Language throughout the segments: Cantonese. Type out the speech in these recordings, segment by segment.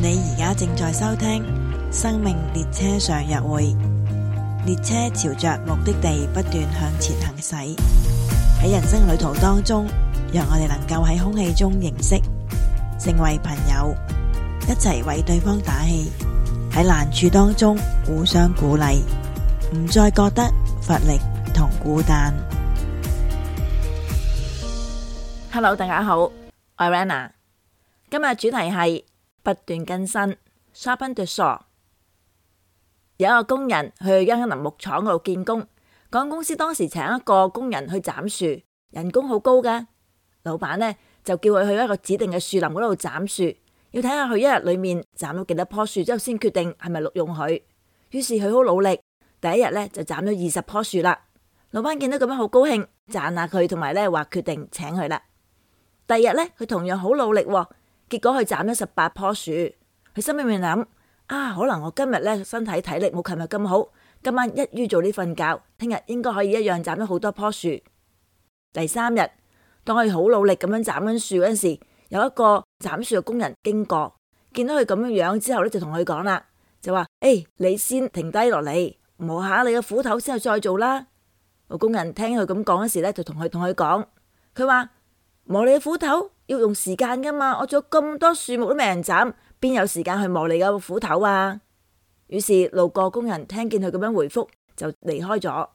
你而家正在收聽《生命列車上約會》，列車朝着目的地不斷向前行駛。喺人生旅途當中，讓我哋能夠喺空氣中認識，成為朋友，一齊為對方打氣。喺難處當中互相鼓勵，唔再覺得乏力同孤單。Hello，大家好，我係 Rana，今日主題係。不斷更新。Sharpen the Saw，有一個工人去一間林木廠嗰度見工，講公司當時請一個工人去斬樹，人工好高嘅。老闆呢就叫佢去一個指定嘅樹林嗰度斬樹，要睇下佢一日裏面斬咗幾多棵樹之後先決定係咪錄用佢。於是佢好努力，第一日呢就斬咗二十棵樹啦。老闆見到咁樣好高興，讚下佢同埋呢話決定請佢啦。第二日呢，佢同樣好努力。結果佢斬咗十八棵樹，佢心入面諗：啊，可能我今日咧身體體力冇琴日咁好，今晚一於早啲瞓覺，聽日應該可以一樣斬咗好多棵樹。第三日，當佢好努力咁樣斬緊樹嗰時，有一個斬樹嘅工人經過，見到佢咁樣樣之後咧，就同佢講啦，就話：誒，你先停低落嚟磨下你嘅斧,斧頭，先去再做啦。個工人聽佢咁講嗰時咧，就同佢同佢講，佢話磨你嘅斧頭。要用時間噶嘛？我仲有咁多樹木都未人斬，邊有時間去磨你嘅斧頭啊？於是路過工人聽見佢咁樣回覆，就離開咗。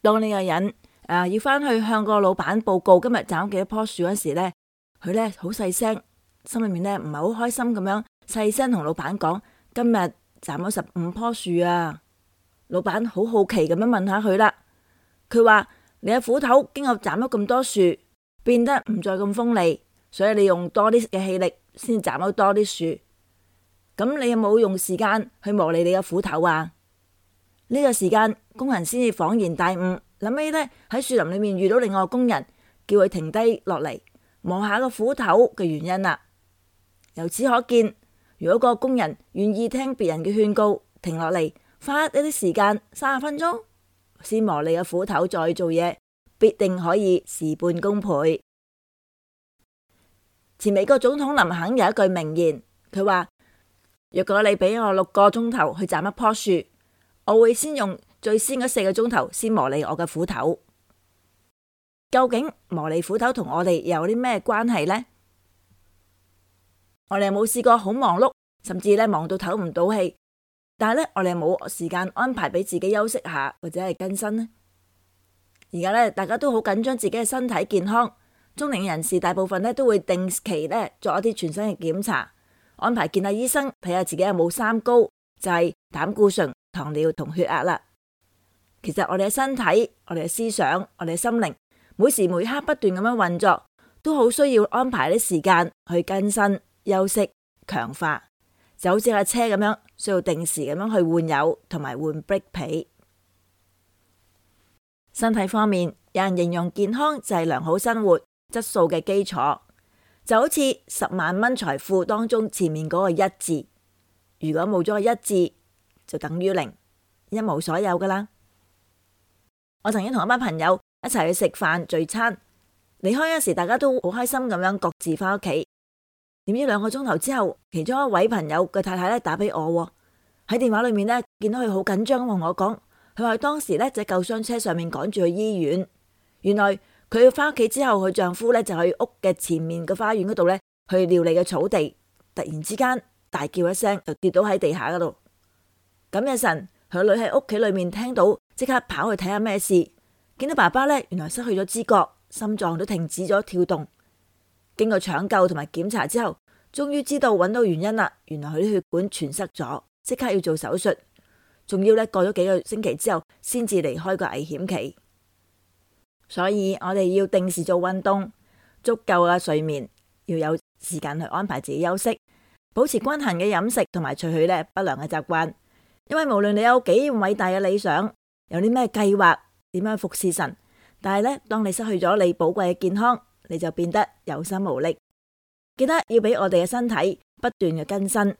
當呢個人、啊、要返去向個老闆報告今日斬幾多棵樹嗰時呢，佢呢好細聲，心裏面呢唔係好開心咁樣細聲同老闆講：今日斬咗十五棵樹啊！老闆好好奇咁樣問下佢啦，佢話你嘅斧頭經過斬咗咁多樹。變得唔再咁鋒利，所以你用多啲嘅氣力先斬到多啲樹。咁你有冇用時間去磨利你嘅斧頭啊？呢個時間，工人先至恍然大悟，諗起呢，喺樹林裏面遇到另外個工人，叫佢停低落嚟磨下個斧頭嘅原因啦。由此可見，如果個工人願意聽別人嘅勸告，停落嚟花一啲時間，三十分鐘先磨你嘅斧頭，再做嘢。必定可以事半功倍。前美國總統林肯有一句名言，佢話：若果你俾我六個鐘頭去斬一棵樹，我會先用最先嗰四個鐘頭先磨利我嘅斧頭。究竟磨利斧頭同我哋有啲咩關係呢？我哋有冇試過好忙碌，甚至咧忙到唞唔到氣？但係咧，我哋冇時間安排俾自己休息下，或者係更新呢。而家咧，大家都好緊張自己嘅身體健康。中年人士大部分咧都會定期咧做一啲全身嘅檢查，安排見下醫生睇下自己有冇三高，就係、是、膽固醇、糖尿同血壓啦。其實我哋嘅身體、我哋嘅思想、我哋嘅心靈，每時每刻不斷咁樣運作，都好需要安排啲時間去更新、休息、強化，就好似架車咁樣，需要定時咁樣去換油同埋換 break 皮。身體方面，有人形容健康就係良好生活質素嘅基礎，就好似十萬蚊財富當中前面嗰個一字，如果冇咗個一字，就等於零，一無所有噶啦。我曾經同一班朋友一齊去食飯聚餐，離開嗰時大家都好開心咁樣各自翻屋企，點知兩個鐘頭之後，其中一位朋友嘅太太咧，打俾我喺電話裏面呢，見到佢好緊張咁同我講。佢話當時呢，喺救傷車上面趕住去醫院。原來佢要翻屋企之後，佢丈夫呢，就喺屋嘅前面嘅花園嗰度呢，去料理嘅草地。突然之間大叫一聲，就跌倒喺地下嗰度。感謝神，佢女喺屋企裏面聽到，即刻跑去睇下咩事。見到爸爸呢，原來失去咗知覺，心臟都停止咗跳動。經過搶救同埋檢查之後，終於知道搵到原因啦。原來佢啲血管全塞咗，即刻要做手術。仲要咧，過咗幾個星期之後，先至離開個危險期。所以我哋要定時做運動，足夠嘅睡眠，要有時間去安排自己休息，保持均衡嘅飲食，同埋除去呢不良嘅習慣。因為無論你有幾偉大嘅理想，有啲咩計劃，點樣服侍神，但係咧，當你失去咗你寶貴嘅健康，你就變得有心無力。記得要俾我哋嘅身體不斷嘅更新。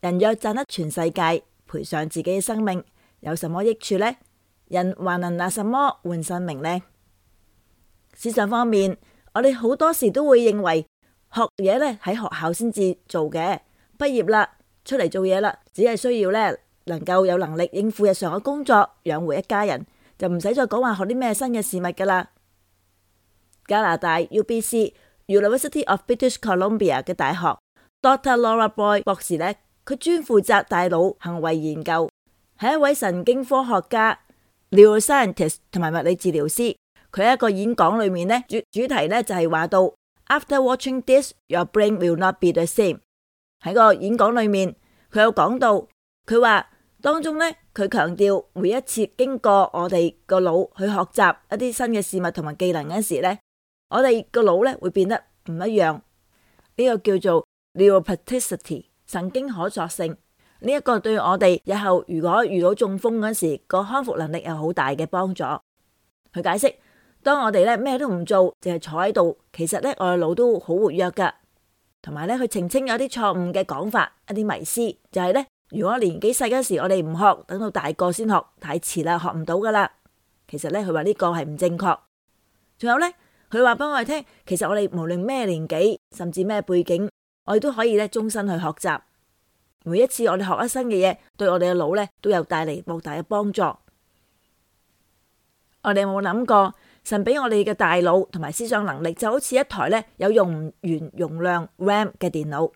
人若賺得全世界，賠上自己嘅生命，有什麼益處呢？人還能拿什麼換生命呢？思想方面，我哋好多時都會認為學嘢呢，喺學校先至做嘅，畢業啦，出嚟做嘢啦，只係需要呢，能夠有能力應付日常嘅工作，養活一家人，就唔使再講話學啲咩新嘅事物噶啦。加拿大 UBC University of British Columbia 嘅大學 Dr. Lara Boyd 博士呢。佢專負責大腦行為研究，係一位神經科學家、neuroscientist 同埋物理治療師。佢喺一個演講裏面咧，主主題咧就係話到：After watching this, your brain will not be the same。喺個演講裏面，佢有講到，佢話當中咧，佢強調每一次經過我哋個腦去學習一啲新嘅事物同埋技能嗰時咧，我哋個腦咧會變得唔一樣。呢、這個叫做 Neuroplasticity 神經可塑性，呢、這、一個對我哋日後如果遇到中風嗰時個康復能力有好大嘅幫助。佢解釋，當我哋咧咩都唔做，淨係坐喺度，其實咧我哋腦都好活躍噶，同埋咧佢澄清有啲錯誤嘅講法，一啲迷思就係、是、咧，如果年紀細嗰時候我哋唔學，等到大個先學，太遲啦，學唔到噶啦。其實咧佢話呢個係唔正確。仲有咧，佢話俾我哋聽，其實我哋無論咩年紀，甚至咩背景，我哋都可以咧，終身去學習。每一次我哋學一新嘅嘢，對我哋嘅腦咧都有帶嚟莫大嘅幫助。我哋有冇諗過，神俾我哋嘅大腦同埋思想能力就好似一台咧有用唔完容量 RAM 嘅電腦。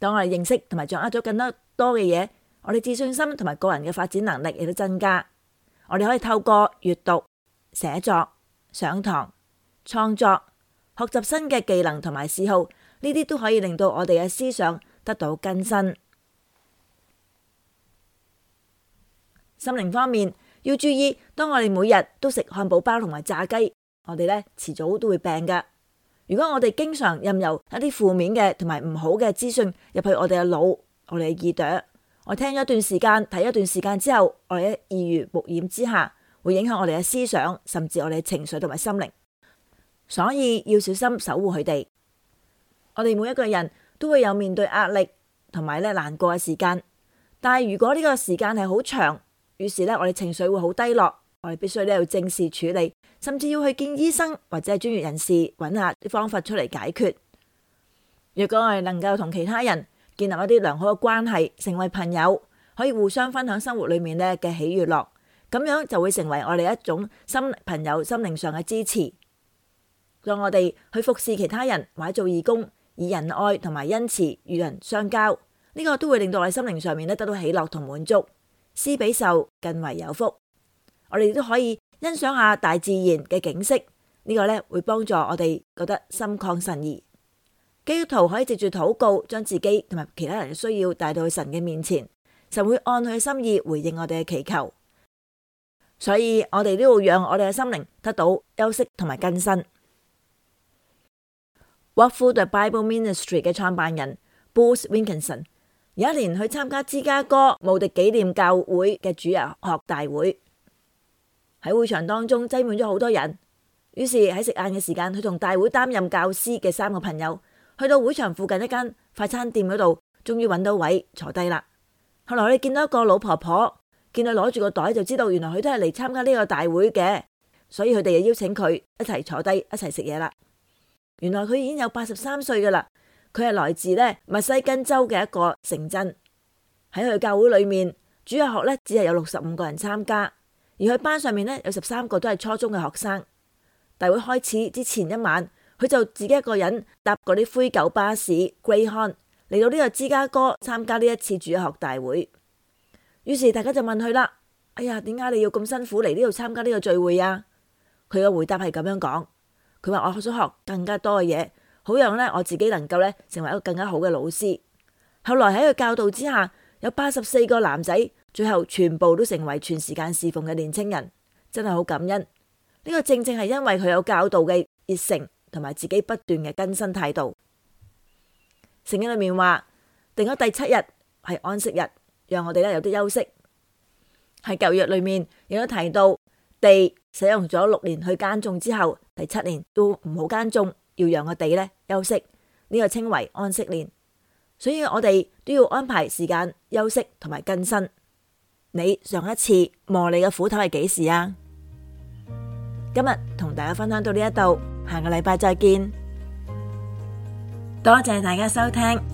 當我哋認識同埋掌握咗更加多嘅嘢，我哋自信心同埋個人嘅發展能力亦都增加。我哋可以透過閱讀、寫作、上堂、創作、學習新嘅技能同埋嗜好。呢啲都可以令到我哋嘅思想得到更新。心靈方面要注意，當我哋每日都食漢堡包同埋炸雞，我哋咧遲早都會病噶。如果我哋經常任由一啲負面嘅同埋唔好嘅資訊入去我哋嘅腦、我哋嘅耳朵，我聽咗一段時間、睇一段時間之後，我哋喺耳濡目染之下，會影響我哋嘅思想，甚至我哋嘅情緒同埋心靈。所以要小心守護佢哋。我哋每一個人都會有面對壓力同埋咧難過嘅時間，但係如果呢個時間係好長，於是咧我哋情緒會好低落，我哋必須咧要正視處理，甚至要去見醫生或者係專業人士，揾下啲方法出嚟解決。如果我哋能夠同其他人建立一啲良好嘅關係，成為朋友，可以互相分享生活裏面咧嘅喜悅樂，咁樣就會成為我哋一種心朋友心靈上嘅支持。讓我哋去服侍其他人或者做義工。以仁愛同埋恩慈與人相交，呢個都會令到我哋心靈上面得到喜樂同滿足。施比受更為有福。我哋都可以欣賞下大自然嘅景色，呢個咧會幫助我哋覺得心曠神怡。基督徒可以藉住禱告，將自己同埋其他人嘅需要帶到去神嘅面前，神會按佢嘅心意回應我哋嘅祈求。所以我哋都會讓我哋嘅心靈得到休息同埋更新。Walk Through the Bible Ministry 嘅創辦人 Bruce Wilkinson，有一年去參加芝加哥慕迪紀念教會嘅主日學大會，喺會場當中擠滿咗好多人，於是喺食晏嘅時間，佢同大會擔任教師嘅三個朋友去到會場附近一間快餐店嗰度，終於揾到位坐低啦。後來我哋見到一個老婆婆，見佢攞住個袋，就知道原來佢都係嚟參加呢個大會嘅，所以佢哋又邀請佢一齊坐低一齊食嘢啦。原來佢已經有八十三歲嘅啦，佢係來自呢密西根州嘅一個城鎮，喺佢教會裏面主日學呢只係有六十五個人參加，而佢班上面呢，有十三個都係初中嘅學生。大會開始之前一晚，佢就自己一個人搭嗰啲灰狗巴士 Greyhound 嚟到呢個芝加哥參加呢一次主日學大會。於是大家就問佢啦，哎呀，點解你要咁辛苦嚟呢度參加呢個聚會啊？佢嘅回答係咁樣講。佢話我想學更加多嘅嘢，好讓咧我自己能夠咧成為一個更加好嘅老師。後來喺佢教導之下，有八十四個男仔，最後全部都成為全時間侍奉嘅年青人，真係好感恩。呢個正正係因為佢有教導嘅熱誠，同埋自己不斷嘅更新態度。聖經裏面話定咗第七日係安息日，讓我哋咧有啲休息。喺舊約裏面亦都提到。地使用咗六年去耕種之後，第七年都唔好耕種，要讓個地呢休息，呢、這個稱為安息年。所以我哋都要安排時間休息同埋更新。你上一次磨你嘅斧頭係幾時啊？今日同大家分享到呢一度，下個禮拜再見。多謝大家收聽。